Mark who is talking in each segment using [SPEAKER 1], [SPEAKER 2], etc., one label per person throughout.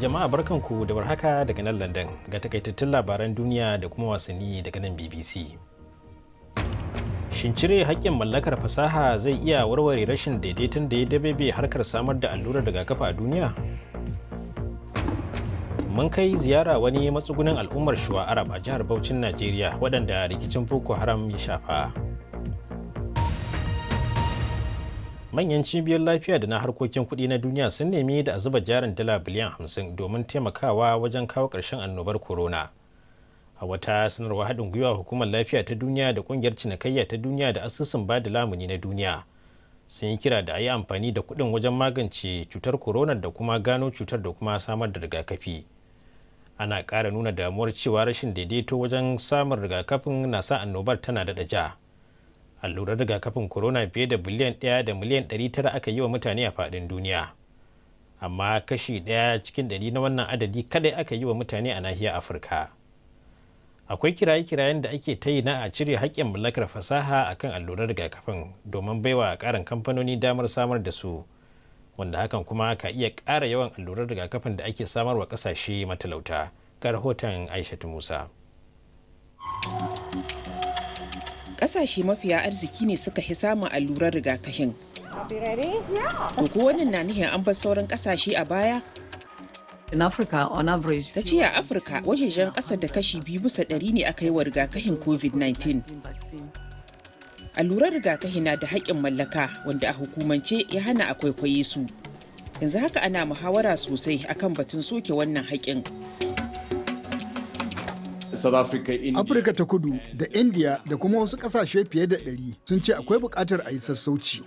[SPEAKER 1] jama'a barkanku da warhaka daga nan london ga takaitattun labaran duniya da kuma wasanni daga nan bbc shin cire haƙƙin mallakar fasaha zai iya warware rashin daidaiton da ya dabebe harkar samar da allurar kafa a duniya mun kai ziyara wani matsugunin al'ummar shuwa arab a jihar Bauchin Najeriya waɗanda rikicin Boko Haram ya shafa manyan cibiyar lafiya da na harkokin kuɗi na duniya sun nemi da a zuba jarin dala biliyan 50 domin taimakawa wajen kawo ƙarshen annobar corona a wata sanarwar haɗin gwiwa hukumar lafiya ta duniya da ƙungiyar cinikayya ta duniya da asusun ba da lamuni na duniya sun yi kira da a yi amfani da kuɗin wajen magance cutar korona da kuma gano cutar da kuma samar da rigakafi ana ƙara nuna damuwar cewa rashin daidaito wajen samun rigakafin na sa annobar tana daɗa ja allurar rigakafin korona fiye da biliyan ɗaya da miliyan ɗari tara aka yi wa mutane a faɗin duniya amma kashi ɗaya cikin ɗari na wannan adadi kadai aka yi wa mutane a nahiyar afirka akwai kiraye-kirayen da ake ta yi na a cire haƙƙin mallakar fasaha akan allurar rigakafin domin baiwa ƙarin kamfanoni damar samar da su wanda hakan kuma ka iya ƙara yawan allurar rigakafin da ake samarwa ƙasashe matalauta ga rahoton aishatu musa
[SPEAKER 2] ƙasashe mafiya arziki ne suka fi samun allurar rigakafin ko ko wannan na nihin an bar sauran ƙasashe a baya ta ce a Afirka wajejen ƙasa da kashi biyu bisa ɗari ne aka yi wa rigakafin COVID-19. Allurar rigakafi na da haƙƙin mallaka wanda a hukumance ya hana a kwaikwaye su. Yanzu haka ana muhawara sosai akan batun soke wannan haƙƙin. Afirka ta kudu da Indiya da kuma wasu ƙasashe fiye da ɗari sun ce akwai buƙatar a yi sassauci.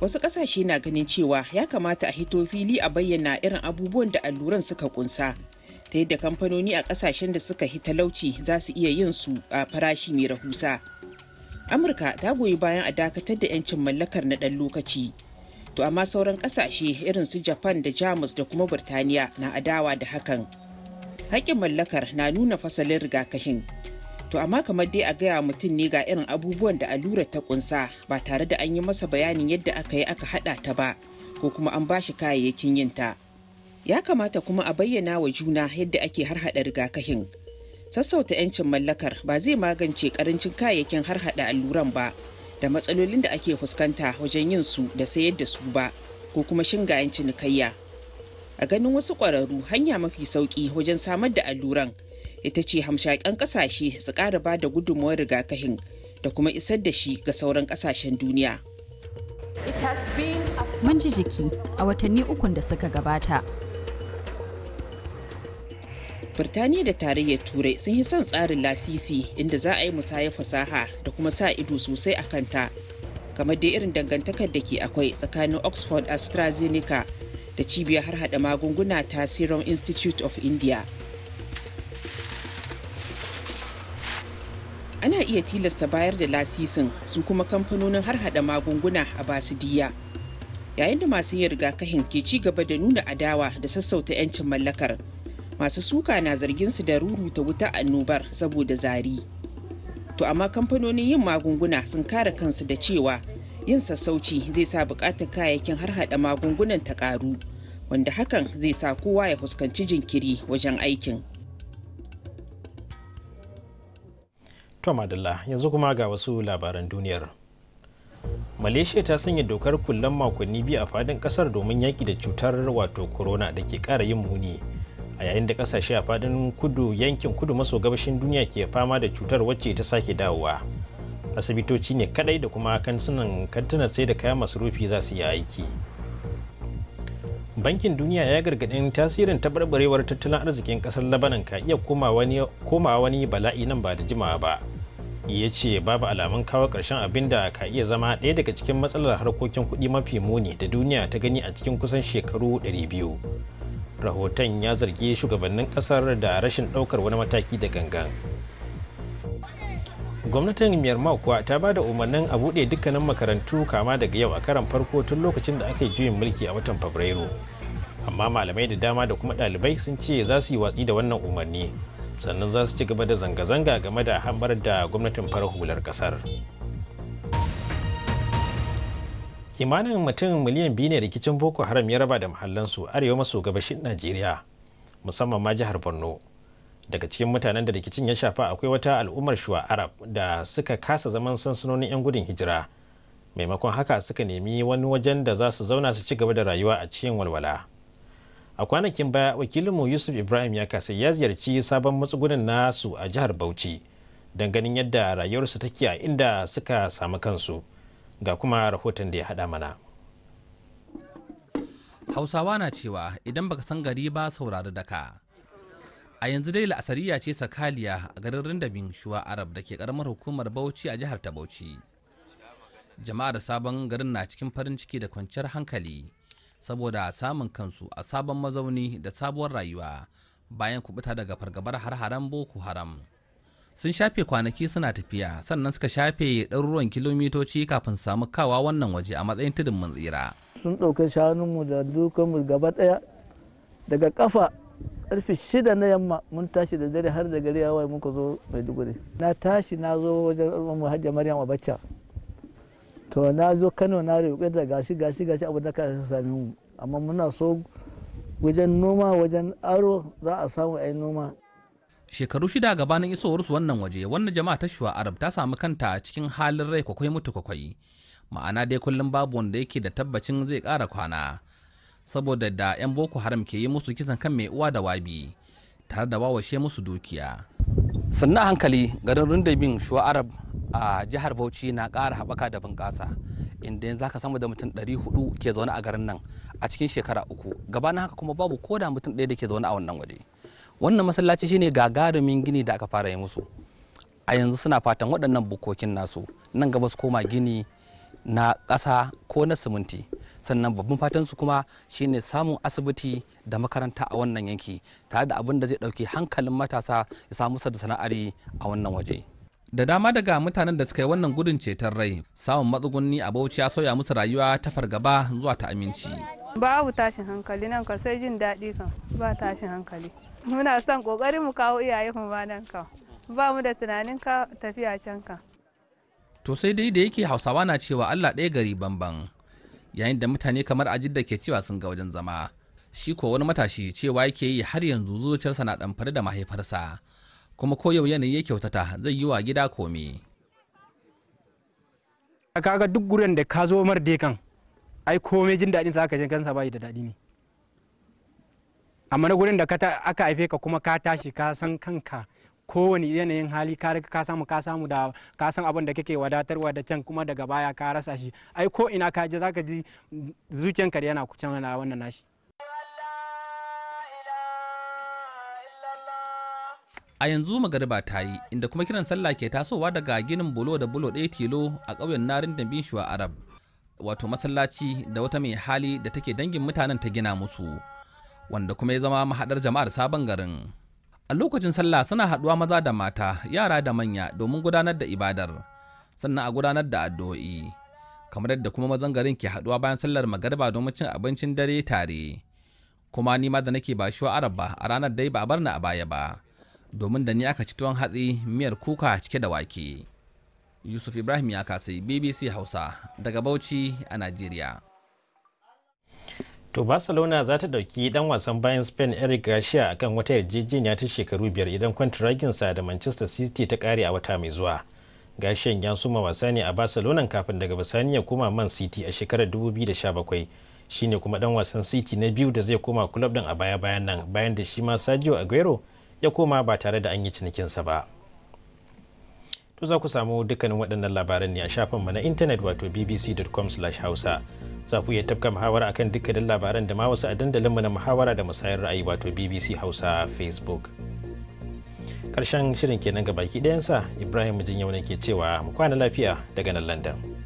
[SPEAKER 2] wasu ƙasashe na ganin cewa ya kamata a hito fili a bayyana irin abubuwan da alluran suka kunsa ta yadda kamfanoni a ƙasashen da suka hi talauci za su iya yin su a farashi mai rahusa amurka ta goyi bayan a dakatar da 'yancin mallakar na ɗan lokaci to amma sauran ƙasashe irin su japan da jamus da kuma burtaniya na adawa da hakan haƙƙin mallakar na nuna fasalin rigakafin To amma kamar dai a gaya mutum ne ga irin abubuwan da allura ta kunsa ba tare da an yi masa bayanin yadda aka yi aka haɗa ta ba ko kuma an bashi kayayyakin yin ta. Ya kamata kuma a bayyana wa juna yadda ake harhaɗa rigakafin. Sassauta 'yancin mallakar ba zai magance karancin kayayyakin harhaɗa alluran ba da matsalolin da ake fuskanta wajen yin su da sayar da su ba ko kuma shingayen cinikayya. a ganin wasu ƙwararru hanya mafi sauƙi wajen samar da alluran ita ce hamshaƙen ƙasashe su ƙara ba da gudunmawar rigakafin da kuma isar da shi ga sauran ƙasashen duniya. Mun ji jiki a watanni ukun da suka gabata. Birtaniya da tarayyar Turai sun yi son tsarin lasisi inda za a yi musayar fasaha da kuma sa ido sosai a kanta. Kamar da irin dangantakar da ke akwai tsakanin Oxford AstraZeneca da cibiyar harhaɗa magunguna ta Serum Institute of India. ana iya tilasta bayar da lasisin su kuma kamfanonin har hada magunguna a basu diya yayin da masu yin rigakahin ke ci gaba da nuna adawa da sassauta 'yancin mallakar masu suka na zargin su da ruruta wuta annobar saboda zari to amma kamfanonin yin magunguna sun kare kansu da cewa yin sassauci zai sa bukatar kayayyakin har hada magungunan ta karu wanda hakan zai sa kowa ya fuskanci jinkiri wajen aikin
[SPEAKER 1] To Madalla yanzu kuma ga wasu labaran duniyar. Malaysia ta sanya dokar kullan makonni biyu a fadin kasar domin yaƙi da cutar wato corona da ke ƙara yin muni. A yayin da ƙasashe a fadin kudu yankin kudu maso gabashin duniya ke fama da cutar wacce ta sake dawowa. Asibitoci ne kadai da kuma kantunan kantunan sai da kayan masarufi za su yi aiki. bankin duniya ya gargaɗin tasirin taɓarɓarewar tattalin arzikin ƙasar labanan ka iya komawa wani bala'i nan ba da jimawa ba ya ce babu alamun kawo ƙarshen abin da ka iya zama ɗaya daga cikin matsalar harkokin kuɗi mafi muni da duniya ta gani a cikin kusan shekaru 200 rahoton ya zargi shugabannin ƙasar da rashin ɗaukar wani mataki da gangan gwamnatin myanmar kuwa ta ba da umarnin a buɗe dukkanin makarantu kama daga yau a karan farko tun lokacin da aka yi juyin mulki a watan fabrairu amma malamai da dama da kuma ɗalibai sun ce za su yi watsi da wannan umarni sannan za su ci gaba da zanga-zanga game da hambar da gwamnatin farar hular kasar kimanin mutum miliyan biyu ne rikicin boko haram ya raba da mahallansu arewa maso gabashin najeriya musamman ma jihar borno daga cikin mutanen da rikicin ya shafa akwai wata al'ummar shuwa arab da suka kasa zaman sansanonin 'yan gudun hijira maimakon haka suka nemi wani wajen da za su zauna su ci gaba da rayuwa a cikin walwala a kwanakin baya wakilinmu yusuf ibrahim ya kasa ya ziyarci sabon matsugunan nasu a jihar bauchi don ganin yadda rayuwarsu take a inda suka samu kansu ga kuma rahoton da ya haɗa mana
[SPEAKER 3] hausawa na cewa idan baka san gari ba saurari daka a yanzu dai la'asariya ce sakaliya a garin rindabin shuwa arab da ke karamar hukumar bauchi a jihar ta bauchi jama'ar sabon garin na cikin farin ciki da kwanciyar hankali saboda samun kansu a sabon mazauni da sabuwar rayuwa bayan kubuta daga fargabar har haram boko haram sun shafe kwanaki suna tafiya sannan suka shafe ɗaruruwan kilomitoci kafin samu kawa wannan waje a matsayin tudun mun tsira
[SPEAKER 1] sun ɗauke shanunmu da dukanmu gaba ɗaya daga kafa karfe shida na yamma mun tashi da dare har da gari ya waye muka zo maiduguri na tashi na zo wajen mu hajja maryam abacha to na zo kano na riƙe da gashi gashi gashi abu da ka sami mu amma muna so wajen noma wajen aro za a samu a noma
[SPEAKER 3] shekaru shida gabanin isowarsu wannan waje wannan jama'a ta shuwa arab ta samu kanta cikin halin rai kwakwai mutu kwakwai ma'ana dai kullum babu wanda yake da tabbacin zai kara kwana saboda da 'yan boko haram ke yi musu kisan kan mai uwa da wabi tare da wawashe musu dukiya sannan hankali garin rundabin shuwa arab a jihar bauchi na ƙara haɓaka da bunƙasa inda yanzu haka sama da mutum 400 ke zaune a garin nan a cikin shekara uku gabanin haka kuma babu ko da mutum ɗaya da ke zaune a wannan waje wannan masallaci shine gagarumin gini da aka fara yi musu a yanzu suna fatan waɗannan bukokin nasu nan gaba su koma gini na ƙasa ko na siminti sannan babban fatan su kuma shine samun asibiti da makaranta a wannan yanki tare da abin da zai ɗauki hankalin matasa ya samu da sana'ari a wannan waje. da dama daga mutanen da suka yi wannan gudun ceton rai samun matsugunni a bauchi ya sauya musu rayuwa ta fargaba zuwa ta aminci babu tashin hankali nan kan sai jin daɗi kan ba tashin hankali muna son kokarin mu kawo iyaye mu ba nan kan ba mu da tunanin ka tafiya can kan to sai dai da yake hausawa na cewa allah ɗaya gari banban yayin da mutane kamar ajid da ke cewa sun ga wajen zama shi ko wani matashi cewa yake yi har yanzu zuciyarsa na ɗamfare da mahaifarsa kuma koyau yanayi ya kyautata zai yi wa gida komi
[SPEAKER 1] kaga duk guren da ka zo mar kan ai komai jin daɗin sa aka jin kansa bayi da daɗi ne amma na gurin da aka haife ka kuma ka tashi ka san kanka kowane yanayin hali ka riga ka samu ka samu da ka san abin da kake wadatarwa da can kuma daga baya ka rasa shi ai ko ina ka je zaka ji
[SPEAKER 3] zuciyanka yana kucan wannan nashi a yanzu magariba ta yi inda kuma kiran sallah ke tasowa daga ginin bulo da bulo ɗaya tilo a ƙauyen narin da shuwa arab wato masallaci da wata mai hali da take dangin mutanen ta gina musu wanda kuma ya zama mahaɗar jama'ar sabon garin a lokacin sallah suna haɗuwa maza da mata yara da manya domin gudanar da ibadar sannan a gudanar da addu'o'i kamar yadda kuma mazan garin ke haɗuwa bayan sallar magariba domin cin abincin dare tare kuma ni ma da nake ba shuwa arab ba a ranar dai ba a bar ni a baya ba domin da ni aka ci tuwon hatsi miyar kuka cike da wake. Yusuf Ibrahim ya kasai BBC Hausa daga Bauchi a Najeriya.
[SPEAKER 1] To Barcelona za ta dauki dan wasan bayan Spain Eric Garcia kan wata yarjejeniya ta shekaru biyar idan sa da Manchester City ta kare a wata mai zuwa. Gashiyan ya suma wasa ne a Barcelona kafin daga bisani ya koma Man City a shekarar 2017. Shine kuma dan wasan City na biyu da zai koma club din a baya-bayan nan bayan da shi ma Sergio Aguero ya koma ba tare da an yi cinikinsa ba to za ku samu dukkanin waɗannan labaran ne a shafinmu na intanet wato bbc.com hausa za ku iya tafka muhawara a kan dukkanin labaran da ma wasu a mu na muhawara da musayar ra'ayi wato bbc hausa facebook karshen shirin kenan ga baki ɗayansa ibrahim jinyau yau ne ke cewa mu kwana lafiya daga nan london